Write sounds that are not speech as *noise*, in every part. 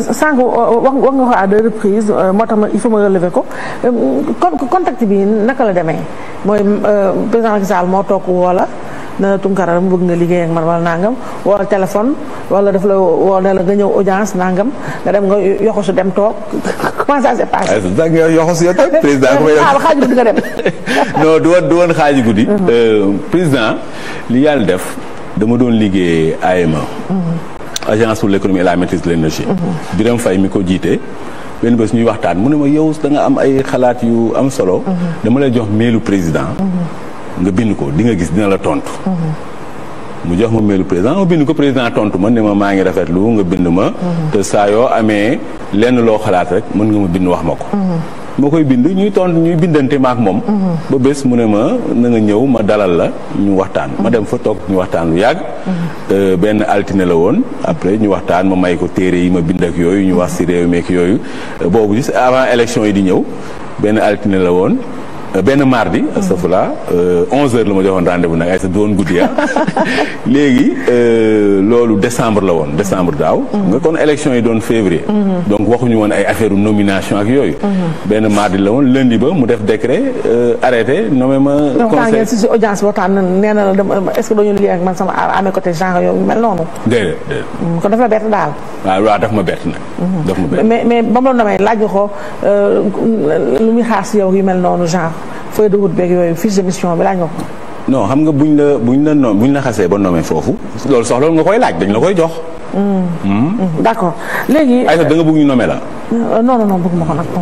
sànq euh, wax wax nga ko à deux reprises euh, moo tax ma il faut ma relever ko euh, contact bi naka la demee mooy président Macky moo toog woola ne la Tunkara mu liggéey ak man nangam wala téléphone wala daf la woo nga ñëw audience nangam nga dem nga dem toog *laughs* comment ça s'est guddi nga mhm. président li yàlla def dama doon liggéey AMA. agence pour l'économie et la maîtrise de l'énergie mhm. Birame fay mi ko jiite benn bés ñuy waxtaan mu ne ma yow danga am ay xalaat yu am solo mhm. dama lay jox mailu président mhm. nga bind ko di nga gis dina la tontu mu jox ma mailu président ma bind ko président tontu ma ne ma maa ngi rafet rafetlu nga bind ma te saa yoo amee lenn loo xalaat rek mën nga ma bind wax ma ko moo koy bind ñuy tontu ñuy bindante ma ak moom. ba bés mu ne ma na ñëw ma dalal la ñu waxtaan. ma dem fa toog ñu waxtaan lu yàgg. Euh, benn altine la woon après ñu waxtaan ma may ko téere yi ma bind yooyu ñu wax si réew meek yooyu euh, boobu juste avant élection yi di ñëw benn altine la woon. Euh, benn mardi. Mm. astafurlah euh, 11h la ma joxoon rendez-vous nag ay sa doon guddi ah. *laughs* léegi euh, loolu décembre la woon décembre daaw. Mm. nga kon élection yi doon février. Mm-hmm. donc waxuñu woon ay affaire nomination ak yooyu. Mm-hmm. benn mardi la woon lundi ba mu def décret arrêté nommé ma. conseil lu muy xaar si yow yu mel noonu genre. feuille de route beeg yooyu fiche de mission bi laaj nga ko. non xam nga buñ la buñ la no buñ la xasee ba nommé foofu loolu soxla nga koy laaj dañ la koy jox. Hmm. Hmm? Hmm. d'accord léegi. ay sax da nga bëgg ñu nommé la. Euh, non non non bëgg ma ko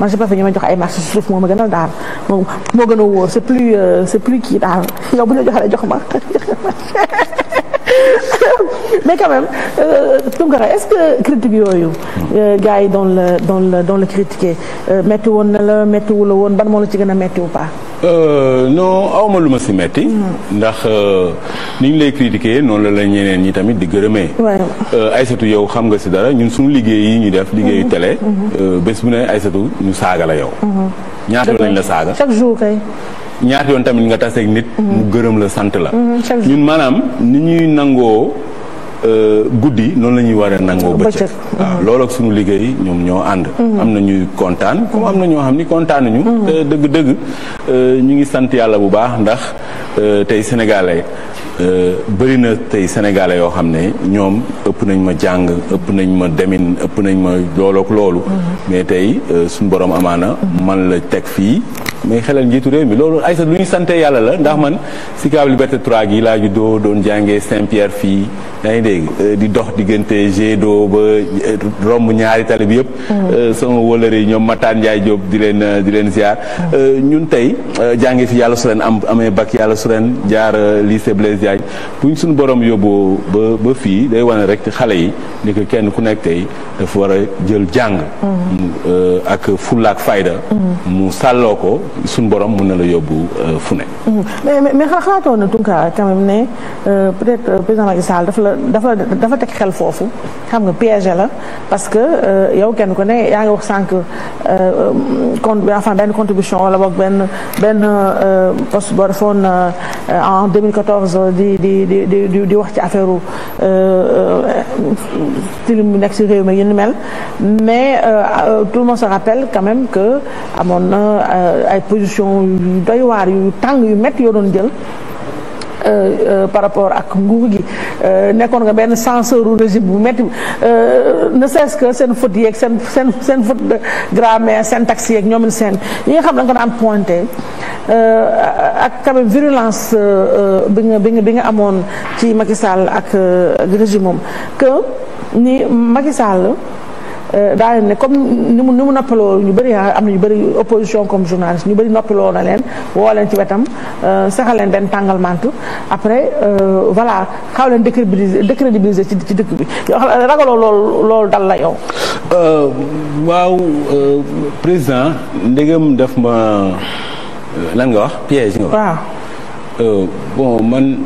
man je préfère ñu may jox ay marché suuf moo ma gënal daal moo gën a wóor c'est plus euh, c'est plus kii daal yow bu ñu joxee jox ma. *laughs* *laughs* mais quand même euh, Tounkara est que critique yooyu euh, gars yi doon la doon la doon la critiquer euh, metti woon na la metti la woon ban moo la ci gën a metti ou pas non awma lu ma si metti ndax ni ñu lay critiquer noonu la la ñeneen ñi tamit di gërëmee Aïssatou yow xam nga si dara ñun suñu liggéey yi ñu def liggéeyu mhm. tele mhm. bés bu ne Aïssatou ñu saaga la yow mhm. ñaata lañ la saaga chaque jour kay ñaata yoon tamit nga taseeg nit. Mhm. mu gërëm la sant la. Mhm, ñun maanaam ni ñuy nangoo euh, guddi noonu la ñuy war a nangoo bëccëg. Mhm. waaw loolu suñu liggéey ñoom ñoo ànd. am na ñuy kontaan comme am na ñoo xam ni kontaanuñu. te euh, dëgg dëgg euh, ñu ngi sant yàlla bu baax ndax tey sénégalais. bëri na tey sénégalais yoo xam ne ñoom ëpp nañ ma jàng ëpp nañ ma demin ëpp nañ ma loolook loolu mais tey suñu borom amaana man la teg fii may xelal njiitu réew mi loolu ay sa lu ñu sante yàlla la ndax man si Sicap Liberté 3 gi laa juddoo doon jàngee Saint-Pierre fii yaa ngi euh, di dox diggante Gédo ba euh, romb ñaari tali bi yëpp. Mm-hmm. Euh, sama wóolare yi ñoom Matane Ndiaye Diop di leen di leen ziar. Mm-hmm. ñun tey jàngi fi yàlla su leen am amee bac yàlla su leen jaar lycée Blaise Diagne buñ suñu borom yóbbu ba ba fii day wane rek xale yi ni ko kenn ku nekk tey dafa war a jël jàng. Mm-hmm. ak fulla ak fayda. mu sàlloo ko suñu borom mun na la yóbbu fu mais mais xalaatoon na ne peut-être président Macky Sall dafa la. dafa dafa teg xel foofu xam nga piégé la parce que euh, yow kenn ku ne yaa ngi wax sànq euh, compte enfin benn contribution wala boog benn benn euh, poste boo defoon en 2014 di di di di wax ci affaire tilim bi nekk si réew mi yu ni mel mais tout le monde se rappelle quand même que amoon na ay position yu doy waar yu tàng yu métti yoo doon jël par rapport ak nguur gi Euh, nekkoon nga benn censeur u régime bu métti euh, ne sees que seen faute yeeg seen seen seen faute de grammaire syntaxe yeeg ñoomin seen yi nga xam da nga ko daan pointé euh, ak quand même virulence bi nga bi nga amoon ci Macky Sall ak régime moom que ni Macky Sall Euh, daa leen ne comme ni mu ni mu noppaloo ñu bëri am na ñu bëri opposition comme journaliste ñu bëri noppaloo na leen woo leen ci wetam euh, saxal leen benn tàngal mant après euh, voilà xaw leen décrédibiliser décrédibiliser ci ci dëkk bi ragaloo loolu loolu dal la yow. waaw président ndegam daf ma lan nga wax piège nga. waaw bon man.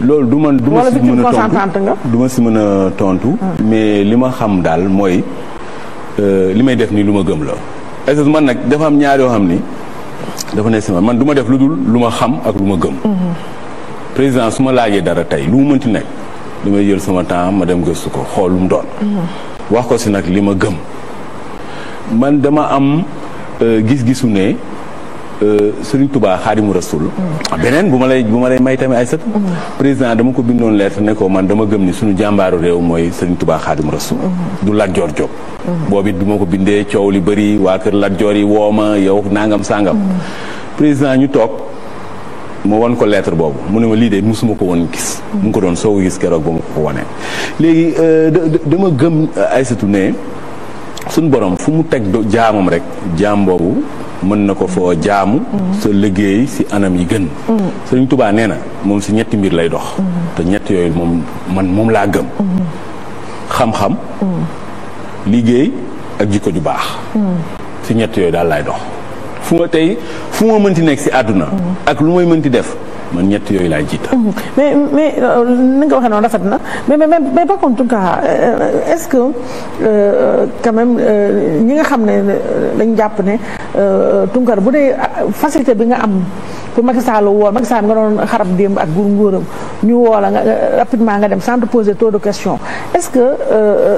loolu du man du ma si mën a tontu du ma si mën a tontu. mais li ma xam daal mooy euh, li may def nii lu ma gëm la. est que man nag dafa am ñaari yoo xam ni dafa nekk si ma man duma def lu dul lu ma xam ak lu ma gëm. Mhm. président su ma laajee dara tey lu mu mënti nekk damay jël sama temps ma dem gëstu ko xool doon. Mhm. wax ko si nag li ma gëm man dama am euh, gis-gisu ne. Euh, Serigne Touba Xaadimu Rasul mm. beneen bu ma lay bu ma lay may tamit ay sët mm. président dama ko bindoon lettre ne ko man dama gëm ni suñu jàmbaaru réew mooy Serigne Touba Xaadimu Rasul mm. du Lat Joor Jóob boobu it bi ma ko bindee coow li bëri waa kër Lat Joor yi woo ma yow nangam sangam président ñu toog ma won ko lettre boobu mu ne ma lii de musuma ko woon gis mu ngi ko doon soo ko gis keroog ba ma ko wonee léegi euh, dama gëm Aysatu ne suñu borom fu mu teg jaamam rek jaam mën na ko foo jaamu sa liggéey si anam yi gën Sëriñ Tuubaa nee na moom si ñetti mbir lay dox te ñett yooyu moom man moom laa gëm xam-xam liggéey ak jikko ju baax si ñett yooyu daal laay dox fu ma tey fu ma mënti nekk si àdduna ak lu may mënti def man ñett yooyu laay jiital. Mm-hmm. mais mais euh, ni nga waxee noonu rafet na mais mais mais par contre en euh, est-ce que euh, quand ñi nga xam ne dañ jàpp ne Euh, Tunkar bu dee ah, facilité bi nga am pour Macky Sall woo Macky Sall nga doon xarab démb ak gur nguuram ñu woo nga rapidement nga dem sans te poser de questions est-ce que euh,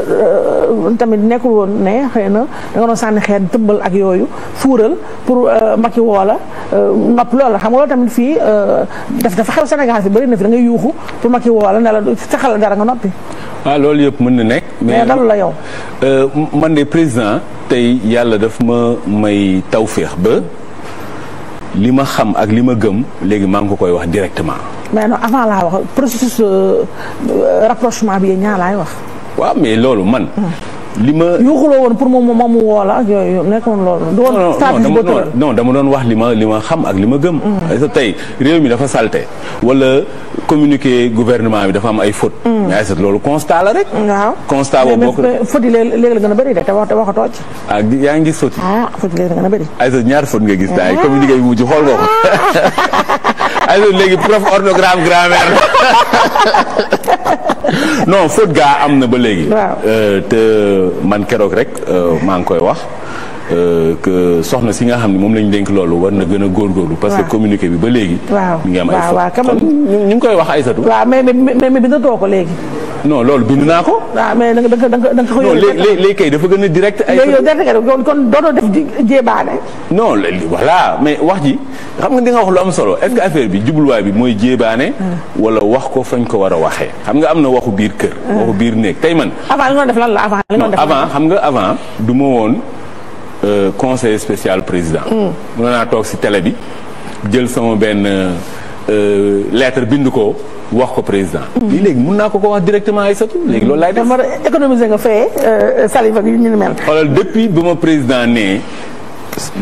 euh, tamit nekkul woon ne xëy na nga doon sànni xeer tëmbal ak yooyu fuural pour Macky woo la nopp xam nga loolu tamit fii daf dafa xew Sénégal fi bëri na fi da ngay yuuxu pour Macky woo la ne la saxal dara nga noppi. waaw ah, loolu yëpp mën na nekk. mais dalu la yow. Euh, man de président tey yàlla daf ma may taw tawféex ba li ma xam ak li ma gëm léegi maa ngi ko koy wax directement. mais non avant laa wax processus euh, rapprochement bi ñaa laay wax. waaw mais loolu man. Hmm. li ma yuuxuloo woon pour moom moom mu woo la ak yooyu nekkoon loolu. doon dama doon wax li ma li ma xam ak li ma gëm. Hmm. tey réew mi dafa salte wala. communiqué gouvernement bi dafa am ay fautes. Mm. mais loolu constat la rek. waaw constat boobu bokk yi léegi la gën a bëri de te wax waxatoo ci. Ah, yaa ngi gis fautes yi. léegi ay sat ñaar fautes nga gis. waaw ah. communiqué bi mujj xool nga ko. ay *laughs* sat léegi prof orthographe grammaire *laughs* non faute gaa am na ba léegi. Euh, te man keroog rek euh, maa ngi koy wax. Euh, que soxna si nga xam ne moom lañ dénk loolu war na gën a góorgóorlu. parce que communiqué bi ba léegi. mi waaw waaw mais da da nga da nga ko. non léegi kay dafa gën a direct. ay kon kon dootoo wax ji xam nga di wax lu am solo est bi jubluwaay bi mooy jéebaane. Ah. wala wax ko fañ ko war a waxee. xam nga am na waxu biir kër. Ah. waxu biir néeg tey man. avant li nga xam nga avant du woon. Euh, conseiller spécial président. Mm. mën naa toog si télé bi jël sama benn euh, lettre bind ko wax ko président. Mm. lii léegi mun naa ko ko wax directement ay satu léegi loolu laay def. dafa économiser nga fee euh, salifa gi ñu mel. xoolal depuis ba ma président nee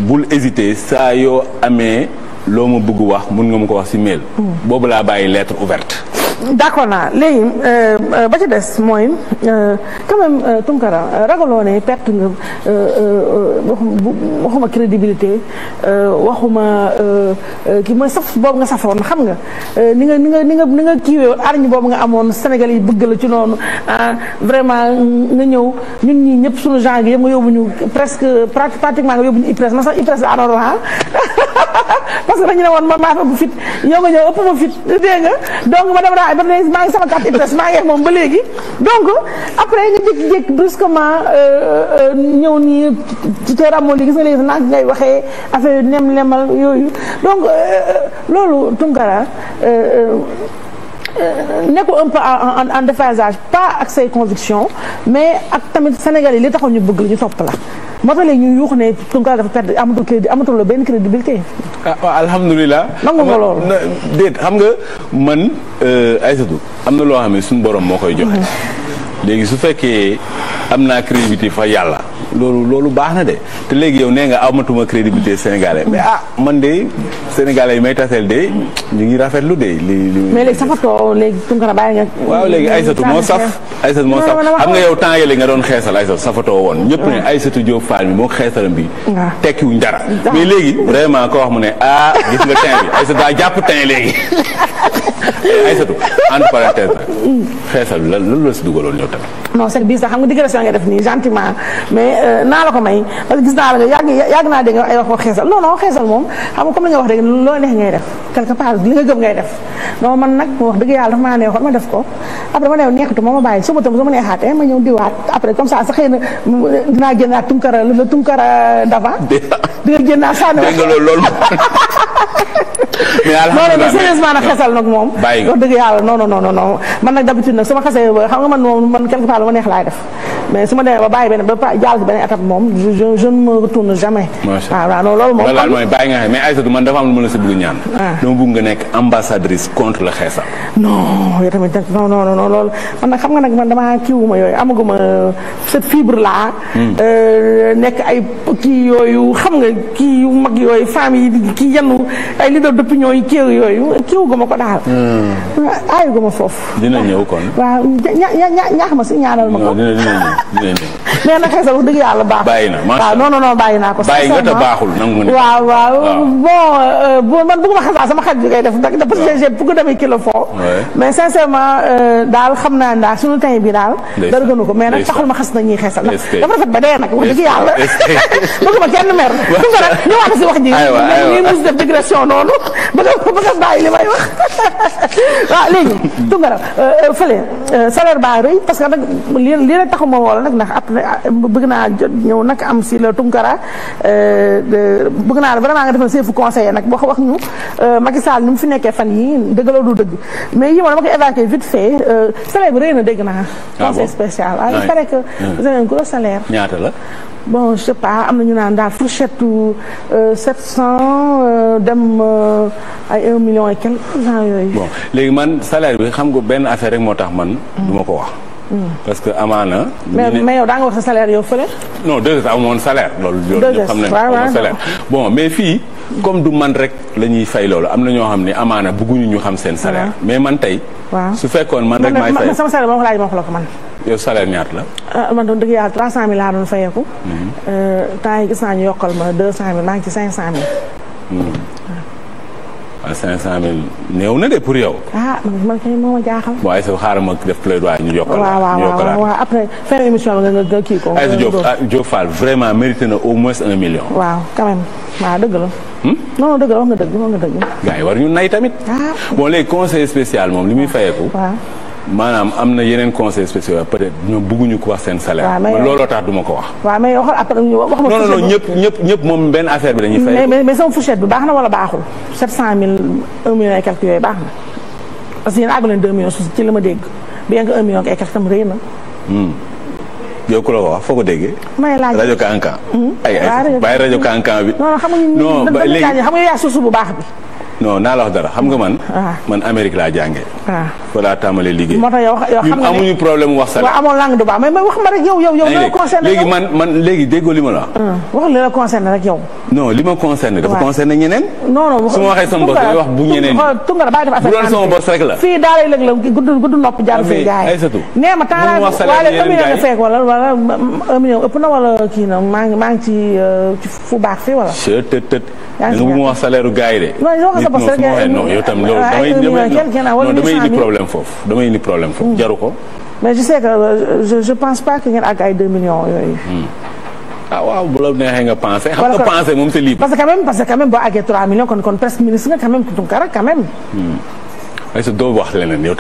bul hésiter saa yoo amee loo ma bugg wax mun nga mu ko wax si mail. Mm. boobu laa bàyyi lettre ouverte. d'accord naa léegi ba ci des mooy euh, quand même euh, Tunkara euh, ragaloo ne perte nga waxuma crédibilité waxuma ki mooy saf boobu nga safoon xam nga ni nga ni nga ni nga ni nga kiiwee woon arñu boobu nga amoon Sénégal yi bëgg la ci noonu ah, vraiment nga ñëw ñun ñi ñëpp suñu genre gi yëpp nga yóbbu ñu presque pratiquement nga yóbbu ñu IPRES ma sax IPRES la anoon ah. *laughs* *laughs* parce que dañu ne woon man maa fa bu fit ñoo nga ñëw ëpp ma fit dégg nga donc ma dem raay ba ne maa ngi sama carte IPRES maa ngi ak moom ba léegi donc après nga jékki-jékki brusquement euh, euh, ñëw nii ci teer amoon gis nga léegi nag ngay waxee affaire yu nem lemal yooyu donc euh, loolu Tunkara nekkul un peu en en déphasage pas ak say convictions mais ak tamit Sénégal yi li taxoon ñu bëgg la ñu topp la moo ñu yuux ne Tounkara dafa perte amatul crédit amatul la benn crédibilité. ah waaw alhamdulilah. nangu nga lool déet xam nga man euh, Aïssatou am na loo xam ne suñu borom moo koy joxe. léegi su fekkee am naa crédibilité fa yàlla loolu loolu baax na de te léegi yow nee nga amatuma crédibilité sénégalais mais ah man de sénégalais yi may taseel de ñu ngi rafetlu de li li. mais léegi safatoo léegi Tunkara bàyyi nga. waaw léegi Aïssatou moo saf. Aïssatou moo saf xam nga yow temps yële nga doon xeesal Aïssatou safatoo woon. ñëpp ne Aïssatou Diop Fall bi moo xeesalam bi. waaw tekkiwuñ dara. mais léegi vraiment ko wax mu ne ah gis nga teint bi Aïssatou daa jàpp teint léegi. *laughs* Eh, Aïssatou entre parenthèse nag xeesal lan lan la si dugaloon yow tamit. non sax bii sax xam nga digression nga def nii gentiment mais euh, naa la ko may parce que gis naa la nga naa dégg ay waxoo xeesal non non moom xam nga comme li nga loo neex ngay def quelque part li nga gëm ngay def non man nag yàlla dafa maa neexoon ma def ko après ma neex neexatu ma ma bàyyi suba tam sama neexaatee ma ñëw diwaat après comme ça sax xëy na dinaa génnaat tunkara la tunkara d'avant. di nga génnaat sànni. dégg nga loolu loolu. *laughs* mais alhamdulilah non non sérieusement nag xesal man nag d'habitude nag su ma xasee xam nga man moom man quelque part lu ma neex laay def mais su ma demee ba bàyyi benn ba jàll si benn étape moom je je ne me retourne jamais. macha allah waaw non loolu moom. loolu man nag xam nga nag man damaa kiiwuma yooyu amaguma euh, cette fibre là. Hmm. Euh, nekk ay kii yooyu xam nga kii yu mag yooyu femmes yi kii yenn ay leader d'opinion yi kéew guma ko daal aayu guma foofu dina ñëw kon waaw ñaax ma si ñaanal ma ko dina ñëw nee na xeesal wax dëgg yàlla baax bàyyi na waaw non non non bàyyi naa ko bàyyi nga te baaxul nangu nga waaw waaw bon man bëgguma xasaa sama xarit bi koy def ndax parce que j'ai bëgg demee kilo foo mais sincèrement daal xam naa daal suñu tey bi daal dara gënu ko mais nag taxul ma xas na ñuy xeesal ndax dafa rafet ba dee nag wax dëgg yàlla bëgguma kenn mer su ko nag ñu wax si wax ji ñu mus def digression noonu ba nga ba nga bàyyi li may wax *laughs* waaw léegi. Tounkara euh, euh, fële euh, salaire baa rëy parce que nag li li la taxuma woo la nag ndax après bëgg naa jot ñëw nag am si la Tounkara bëgg naa la vraiment nga defal seefu conseiller nag wax wax ñu Macky Sall ni mu fi nekkee fan yi dëgg la du dëgg mais yii moom dama koy évacuer vite fait salaire bi rëy na dégg naa. Ah conseil spécial waaw il paraît que vous avez un gros salaire. bon je am na ñu naan daal fourchette 700 dem. ay un million et quelque genre yooyu. léegi man salaire bi xam nga benn affaire rek moo tax man. du ma ko wax. Hmm. parce que amaana. mais mais yow daa nga wax sa salaire yow fële. non deux ans amoon salaire. loolu loolu xam nañu salaire bon mais fii. comme du man rek la ñuy fay loolu am na ñoo xam ne amaana bëgguñu ñu xam seen salaire. mais man tey. waaw su fekkoon man rek maay fay sama salaire ma wax laaj ma wax la ko man. yow salaire ñaata la. Ah, man doon dëgg yàlla 300000 laa doon fayeeku. Hmm. Euh, temps yi gis naa ñu yokkal ma 200000 maa waaw cinq cent mille néew na de pour yow. ah man kay moo ma jaaxal. bon Aïssa xaaral ma def plaidoyer ñu yokkal. waaw waaw waaw après fin émission bi nga nga kii ko. Aïssa Diop ah Diop Fall vraiment mérité na au moins un million. waaw quand même waaw dëgg la. Hmm? non non dëgg la wax nga dëgg wax nga dëgg. gars yi war ñu nay tamit. Ah. bon léegi conseil spécial moom li muy fayeeku. waaw. maanaam am na yeneen conseils spéciaux peut-être ñoom bëgguñu ko wax seen salaire. looloo tax du ma ko wax. waaw mais yow après ñu wax ma. non ñëpp ñëpp ñëpp moom benn affaire bi dañuy. fay baax na wala baaxul. 700000 1 million et quelques yooyu baax na parce que yéen àgg millions ci la ma dégg bien que 1 million et quelques tam rëy na. Hmm. yow ko wax foo ko déggee. may laaj rajo Kankan. Hmm? ay ay bàyyi rajo Kankan bi. non xam nga ñun xam nga yaa source bu baax bi. non naa la wax dara xam nga man. Ah. man Amérique laa jàngee. waaw ah. fa laa tàmbalee liggéey. moo tax yow yow xam nga ne ñun amuñu problème wax salaire. waaw amoon langue du baax mais wax ma rek yow yow yow. léegi man léegi déggoo li ma la wax. Hmm. wax a la rek yow. non li ma concerné. dafa concerné ñeneen. non su ma waxee sama bos rek la. fii daa lay lëg la gudd nopp jàmm si gars yi. nee ma taalaay wala un million nga fekk wala wala un million ëpp na wala kii na maa ngi maa ngi ci euh, fu baax fii wala. chë tët tët. yaa ngi ma wax salaire ru gars yi de. non sa bos rek non yow tam loolu damay damay indi problème foofu damay indi problème foofu hmm. jaru ko. mais je sais que euh, je pense pas que ngeen àgg ay deux millions ah waaw bu la neexee nga pensé. xam nga pensé moom c'est libre. parce parce que quand même boo àggee 3 millions kon kon presque ministre nga quand même Tounkara quand même. Hmm. ay sa doo wax leneen yow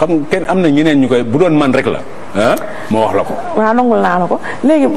xam kenn am na ñeneen ñu koy bu doon man rek la. Ah, ma wax la ko. waaw nangul naa la ko léegi.